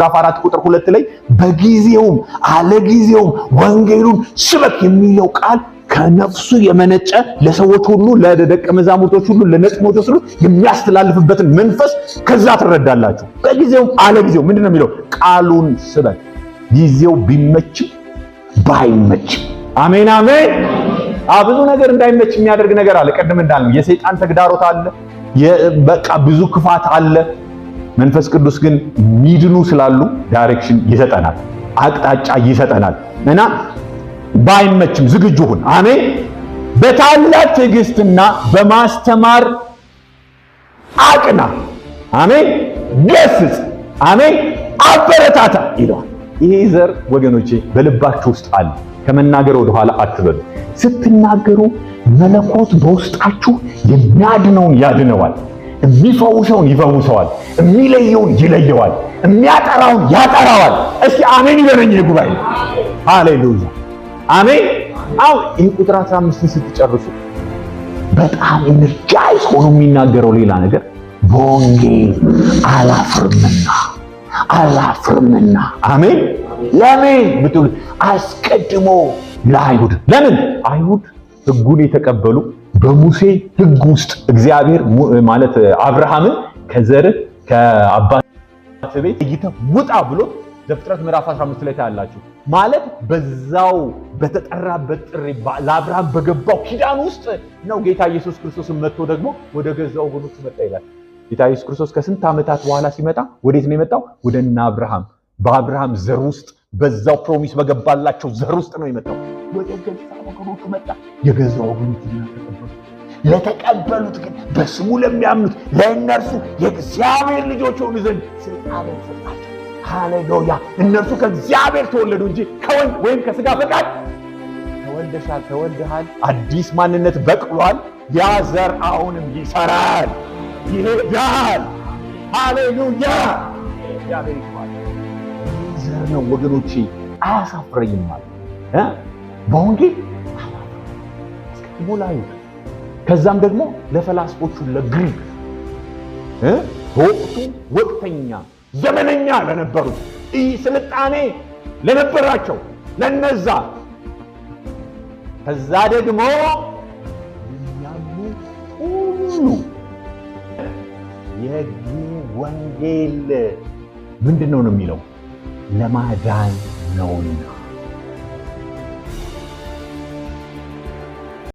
ምዕራፍ አራት ቁጥር ሁለት ላይ በጊዜውም አለጊዜውም ወንጌሉን ስበክ የሚለው ቃል ከነፍሱ የመነጨ ለሰዎች ሁሉ ለደቀ መዛሙርቶች ሁሉ ለነጽሞቶች ሁሉ የሚያስተላልፍበትን መንፈስ ከዛ ትረዳላችሁ። በጊዜውም አለጊዜው ምንድን ነው የሚለው ቃሉን ስበክ። ጊዜው ቢመችም ባይመችም። አሜን አሜን። ብዙ ነገር እንዳይመች የሚያደርግ ነገር አለ። ቅድም እንዳልነው የሰይጣን ተግዳሮት አለ። በቃ ብዙ ክፋት አለ። መንፈስ ቅዱስ ግን ሚድኑ ስላሉ ዳይሬክሽን ይሰጠናል፣ አቅጣጫ ይሰጠናል። እና ባይመችም ዝግጁ ሁን። አሜን። በታላቅ ትዕግስትና በማስተማር አቅና፣ አሜን። ገስጽ፣ አሜን። አበረታታ ይለዋል። ይሄ ዘር ወገኖቼ በልባችሁ ውስጥ አለ። ከመናገር ወደኋላ አትበሉ። ስትናገሩ መለኮት በውስጣችሁ የሚያድነውን ያድነዋል። የሚፈውሰውን ይፈውሰዋል፣ የሚለየውን ይለየዋል፣ የሚያጠራውን ያጠራዋል። እስኪ አሜን ይበለኝ ጉባኤ። ሃሌሉያ አሜን። አሁን ይህ ቁጥር 15 ስትጨርሱ በጣም ኢነርጃይዝ ሆኖ የሚናገረው ሌላ ነገር በወንጌል አላፍርምና አላፍርምና። አሜን። ለምን ብትሉ አስቀድሞ ለአይሁድ ለምን አይሁድ ህጉን የተቀበሉ በሙሴ ሕግ ውስጥ እግዚአብሔር ማለት አብርሃምን ከዘር ከአባት ቤት ይተ ውጣ ብሎ ዘፍጥረት ምዕራፍ 15 ላይ ታያላችሁ። ማለት በዛው በተጠራበት ጥሪ ለአብርሃም በገባው ኪዳን ውስጥ ነው ጌታ ኢየሱስ ክርስቶስ መጥቶ ደግሞ ወደ ገዛ ወገኖቹ መጣ ይላል። ጌታ ኢየሱስ ክርስቶስ ከስንት ዓመታት በኋላ ሲመጣ ወዴት ነው የመጣው? ወደ እነ አብርሃም፣ በአብርሃም ዘር ውስጥ በዛው ፕሮሚስ በገባላቸው ዘር ውስጥ ነው የመጣው። ወደ ገዛ ወገኖቹ መጣ። የገዛ ወገኖቹና ተቀበሉ። ለተቀበሉት ግን በስሙ ለሚያምኑት ለእነርሱ የእግዚአብሔር ልጆች ሆኑ ዘንድ ስልጣንን ሰጣቸው። ሃሌሉያ! እነርሱ ከእግዚአብሔር ተወለዱ እንጂ ከወንድ ወይም ከስጋ ፈቃድ ተወልደሻል፣ ተወልደሃል፣ አዲስ ማንነት በቅሏል። ያ ዘር አሁንም ይሰራል፣ ይሄዳል። ሃሌሉያ! እግዚአብሔር ይባል። ዘር ነው ወገኖቼ፣ አያሳፍረኝም ማለት በወንጌል አስቀድሞ ላዩት ከዛም ደግሞ ለፈላስፎቹ ለግሪክ በወቅቱ ወቅተኛ ዘመነኛ ለነበሩት ይህ ስልጣኔ ለነበራቸው ለነዛ ከዛ ደግሞ ያሉ ሁሉ የግ ወንጌል ምንድን ነው ነው የሚለው ለማዳን ነውና